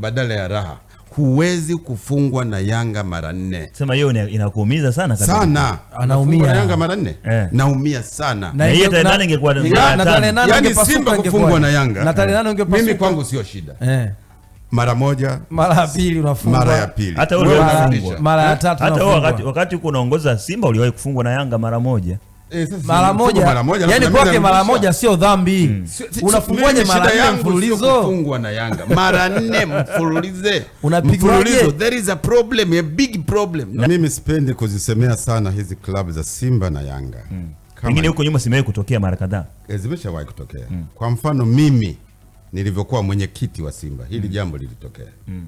badala ya raha. Huwezi kufungwa na Yanga mara nne. Sema hiyo inakuumiza sana kabisa. Sana. Anaumia. Na Yanga mara nne. Eh. Naumia sana. Na hiyo tarehe nane ingekuwa ni yaani, yaani Simba kufungwa na Yanga. Na tarehe nane ungepasuka. Mimi kwangu sio shida. Eh. Mara moja, mara ya pili unafungwa. Mara ya pili. Hata ule unafungwa. Mara ya tatu unafungwa. Hata wakati wakati uko unaongoza Simba uliwahi kufungwa na Yanga mara moja. Eh, mara moja mara moja, yani kwake mara moja sio dhambi mm. Unafunguaje mara nne mfululizo? Kufungwa na Yanga mara nne unapigwaje? There is a problem, a big problem. Na mimi sipendi kuzisemea sana hizi klabu za Simba na Yanga mm. Pengine huko nyuma simewahi kutokea mara kadhaa, eh, zimeshawahi kutokea mm. Kwa mfano mimi nilivyokuwa mwenyekiti wa Simba hili mm. jambo lilitokea mm.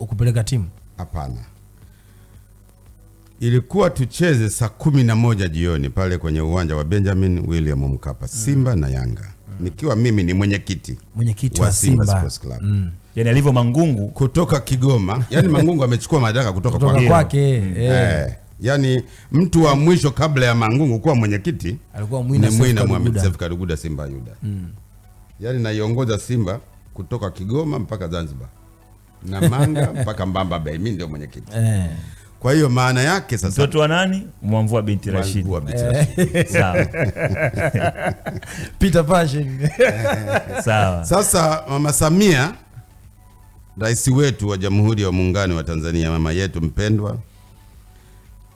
Ukupeleka timu hapana ilikuwa tucheze saa kumi na moja jioni pale kwenye uwanja wa Benjamin William Mkapa, Simba mm. na Yanga mm. nikiwa mimi ni mwenyekiti mwenyekiti wa Simba Sports Club mm. yani alivyo Mangungu kutoka Kigoma yani Mangungu amechukua madaraka kutoka, kutoka kwake eh. eh. yani mtu wa mwisho kabla ya Mangungu kuwa mwenyekiti alikuwa Mwina Mohamed Seif Kaduguda Simba Yuda mm. yani naiongoza Simba kutoka Kigoma mpaka Zanzibar na Manga mpaka Mbamba Bay, mimi ndio mwenyekiti eh. Kwa hiyo maana yake sasa mtoto wa nani? Mwamvua binti Rashid. Eh. Sawa. Peter Passion. Eh. Sawa. Sasa Mama Samia rais wetu wa Jamhuri ya Muungano wa Tanzania, mama yetu mpendwa,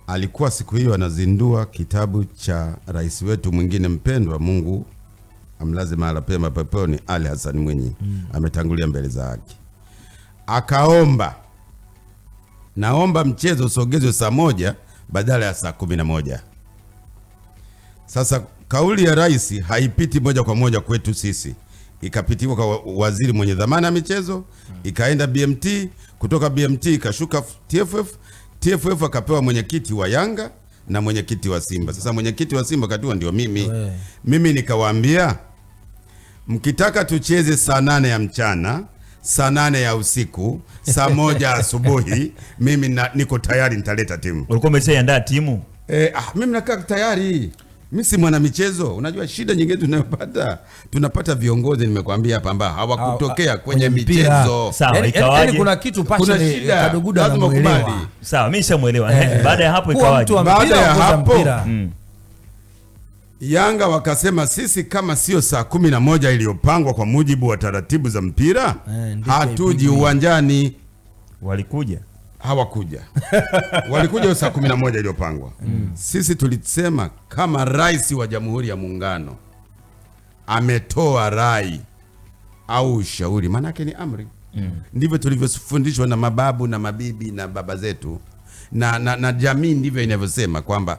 alikuwa siku hiyo anazindua kitabu cha rais wetu mwingine mpendwa, Mungu amlaze mahala pema peponi, Ali Hassan Mwinyi. Mm. Ametangulia mbele za haki, akaomba naomba mchezo usogezwe saa moja badala ya saa kumi na moja. Sasa kauli ya rais haipiti moja kwa moja kwetu sisi, ikapitiwa kwa waziri mwenye dhamana ya michezo, ikaenda BMT, kutoka BMT ikashuka TFF, TFF akapewa mwenyekiti wa Yanga na mwenyekiti wa Simba. Sasa mwenyekiti wa Simba katua ndio mimi Mimi nikawaambia mkitaka tucheze saa nane ya mchana saa nane ya usiku, saa moja asubuhi mimi na, niko tayari nitaleta timu. Ulikuwa umeshaandaa timu? Eh, ah, mimi nakaa tayari mimi si mwana michezo. Unajua shida nyingine tunayopata, tunapata viongozi nimekwambia hapa ambao hawakutokea ah, ah, kwenye michezo. Sawa, yaani, yaani ikawaje? Kuna kitu passion Kadoguda anamuelewa. Sawa, mimi nishamuelewa. Eh. Baada ya hapo ikawaje? Baada ya hapo mm. Yanga wakasema sisi kama sio saa kumi na moja iliyopangwa kwa mujibu wa taratibu za mpira eh, hatuji uwanjani. Walikuja hawakuja? walikuja saa kumi na moja iliyopangwa mm. mm. Sisi tulisema kama rais wa Jamhuri ya Muungano ametoa rai au ushauri, maanake ni amri mm. Ndivyo tulivyofundishwa na mababu na mabibi na baba zetu na, na, na jamii ndivyo inavyosema kwamba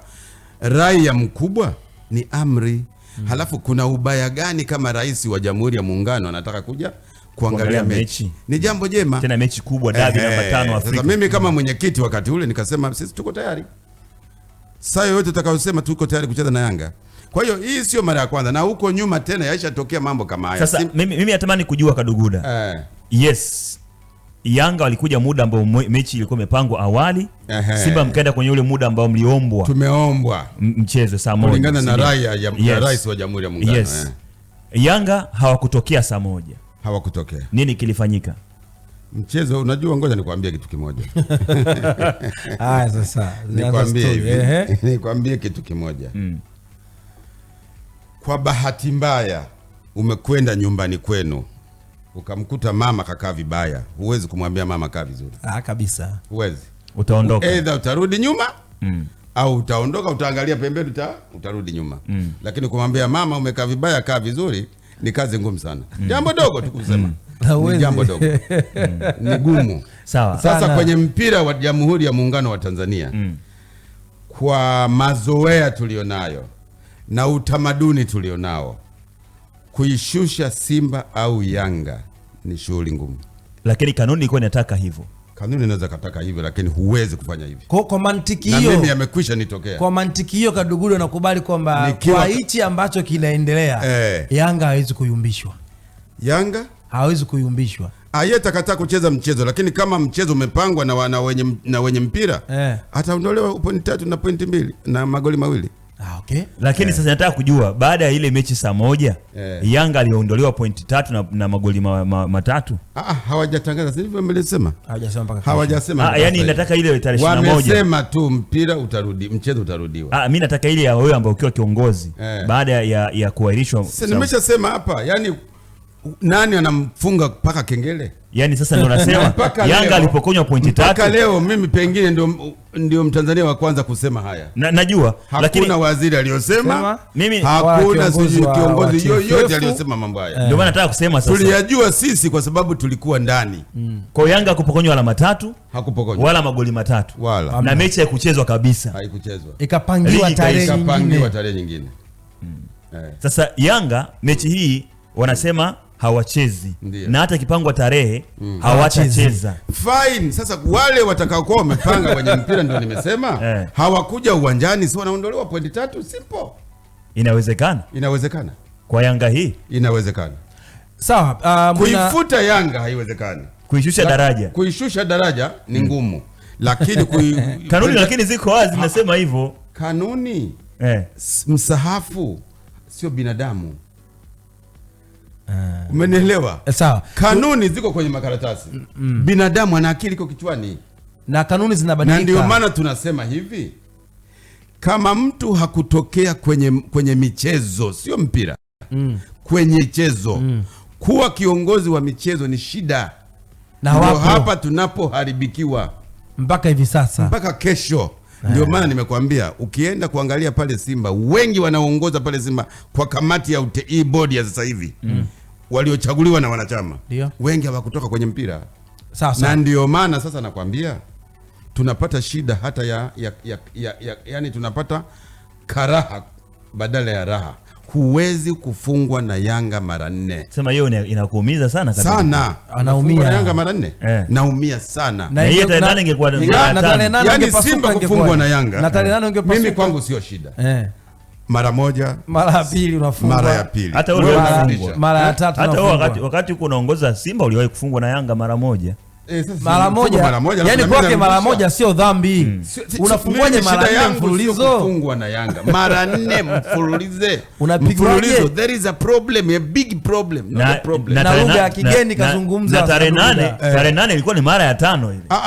rai ya mkubwa ni amri mm. Halafu kuna ubaya gani kama rais wa Jamhuri ya Muungano anataka kuja kuangalia mechi. mechi ni jambo jema, tena mechi kubwa, dabi namba 5 Afrika. Sasa mimi kama mwenyekiti wakati ule nikasema sisi tuko tayari saa yoyote utakayosema tuko tayari kucheza na Yanga. Kwa hiyo hii sio mara ya kwanza, na huko nyuma tena yaishatokea mambo kama haya. Sasa mimi, mimi natamani kujua Kaduguda eh. Yes Yanga walikuja muda ambao mechi ilikuwa imepangwa awali. Ehe. Simba mkaenda kwenye ule muda ambao mliombwa, tumeombwa mchezo saa moja kulingana na rai ya yes. Rais wa Jamhuri ya Muungano yes. Eh. Yanga hawakutokea saa moja, hawakutokea. Nini kilifanyika? Mchezo unajua, ngoja nikwambie kitu kimoja. Haya sasa, nikwambie hivi, nikwambie kitu kimoja mm. Kwa bahati mbaya umekwenda nyumbani kwenu ukamkuta mama kakaa vibaya, huwezi kumwambia mama kaa vizuri. Ah, kabisa, huwezi. Utaondoka, aidha utarudi nyuma mm. au utaondoka, utaangalia pembeni, uta, utarudi nyuma mm. lakini kumwambia mama umekaa vibaya, kaa vizuri ni kazi ngumu sana mm. jambo dogo tu kusema mm. ni jambo dogo ni gumu sawa. Sasa kwenye mpira wa Jamhuri ya Muungano wa Tanzania mm. kwa mazoea tulionayo na utamaduni tulionao kuishusha Simba au Yanga ni shughuli ngumu, lakini kanuni ilikuwa inataka hivyo. Kanuni inaweza kataka hivyo, lakini huwezi kufanya hivyo. Kwa, kwa mantiki hiyo, na mimi yamekwisha nitokea. Kwa mantiki hiyo, Kadugudu anakubali kwamba kwa hichi ambacho kinaendelea eh, Yanga hawezi kuyumbishwa, Yanga hawezi kuyumbishwa. aye takata kucheza mchezo, lakini kama mchezo umepangwa na, na wenye, na wenye mpira eh, ataondolewa pointi tatu na pointi mbili na magoli mawili. Ah, okay. Lakini yeah. Sasa nataka kujua baada ya ile mechi saa moja yeah. Yanga aliondolewa pointi tatu na, na magoli ma, ma, matatu. Ah, ah hawajatangaza sivyo? Mlisema hawajasema mpaka hawajasema. Ah, yani nataka ile tarehe 21 wamesema tu mpira utarudi, mchezo utarudiwa. Ah, mimi nataka ile ya wewe ambayo ukiwa kiongozi yeah. Baada ya ya kuahirishwa, Sasa nimeshasema hapa, yani nani anamfunga mpaka kengele Yaani sasa ndio nasema Yanga alipokonywa pointi tatu. Mpaka leo mimi pengine ndio ndio Mtanzania wa kwanza kusema haya. Na, najua hakuna lakini waziri aliyosema mimi hakuna kiongozi yoyote aliyosema mambo haya. Ndio maana nataka kusema sasa. Tuliyajua sisi kwa sababu tulikuwa ndani. Mm. Kwa Yanga kupokonywa alama tatu, hakupokonywa wala magoli matatu. Wala. Na mechi haikuchezwa kabisa. Haikuchezwa. Ikapangiwa tarehe nyingine. Ikapangiwa tarehe nyingine. Mm. Eh. Sasa Yanga mechi hii wanasema hawachezi Ndiyo. na hata kipangwa tarehe mm. hawatacheza. Fine. Sasa wale watakaokuwa wamepanga kwenye mpira ndio nimesema eh. hawakuja uwanjani, si wanaondolewa pointi tatu. Simple. Inawezekana, inawezekana kwa Yanga hii inawezekana. Sawa. Uh, ah, muna... kuifuta Yanga haiwezekani, kuishusha daraja, kuishusha daraja ni mm. ngumu mm. lakini kui... kanuni lakini ziko wazi, nasema hivyo kanuni eh. msahafu sio binadamu Eh. Umenielewa? Eh, sawa. Kanuni ziko kwenye makaratasi mm -mm. Binadamu ana akili iko kichwani na kanuni zinabadilika, na ndio maana tunasema hivi, kama mtu hakutokea kwenye, kwenye michezo sio mpira mm. Kwenye michezo mm. Kuwa kiongozi wa michezo ni shida, na hapa tunapoharibikiwa mpaka hivi sasa, mpaka kesho ndio maana nimekuambia ukienda kuangalia pale Simba, wengi wanaongoza pale Simba kwa kamati ya UTI board ya sasa hivi mm. waliochaguliwa na wanachama Dio. wengi hawakutoka kwenye mpira sasa, na ndio maana sasa nakwambia tunapata shida hata ya, ya, ya, ya, ya, yani tunapata karaha badala ya raha huwezi kufungwa na Yanga mara nne. Sema hiyo inakuumiza sana kabisa. Sana. Anaumia. Yanga mara nne. Eh. Naumia sana. Na hiyo tarehe nane ingekuwa ni yaani Simba kufungwa na Yanga. Na tarehe nane ungepasuka. Mimi kwangu sio shida. Eh. Mara moja, mara ya pili unafungwa. Mara ya pili. Hata wewe unafungwa. Mara ya tatu unafungwa. Hata wakati wakati uko unaongoza Simba uliwahi kufungwa na Yanga mara moja. Eh, mara moja mara moja, yani kwake mara moja sio dhambi. Hmm. Unafunguaje mara nne mfululizo? Kufungwa na Yanga mara nne mfululize, unapigwaje? There is a problem, a big problem, not a problem. Na lugha ya kigeni kazungumza. tarehe nane, eh. tarehe nane ilikuwa ni mara ya tano ile.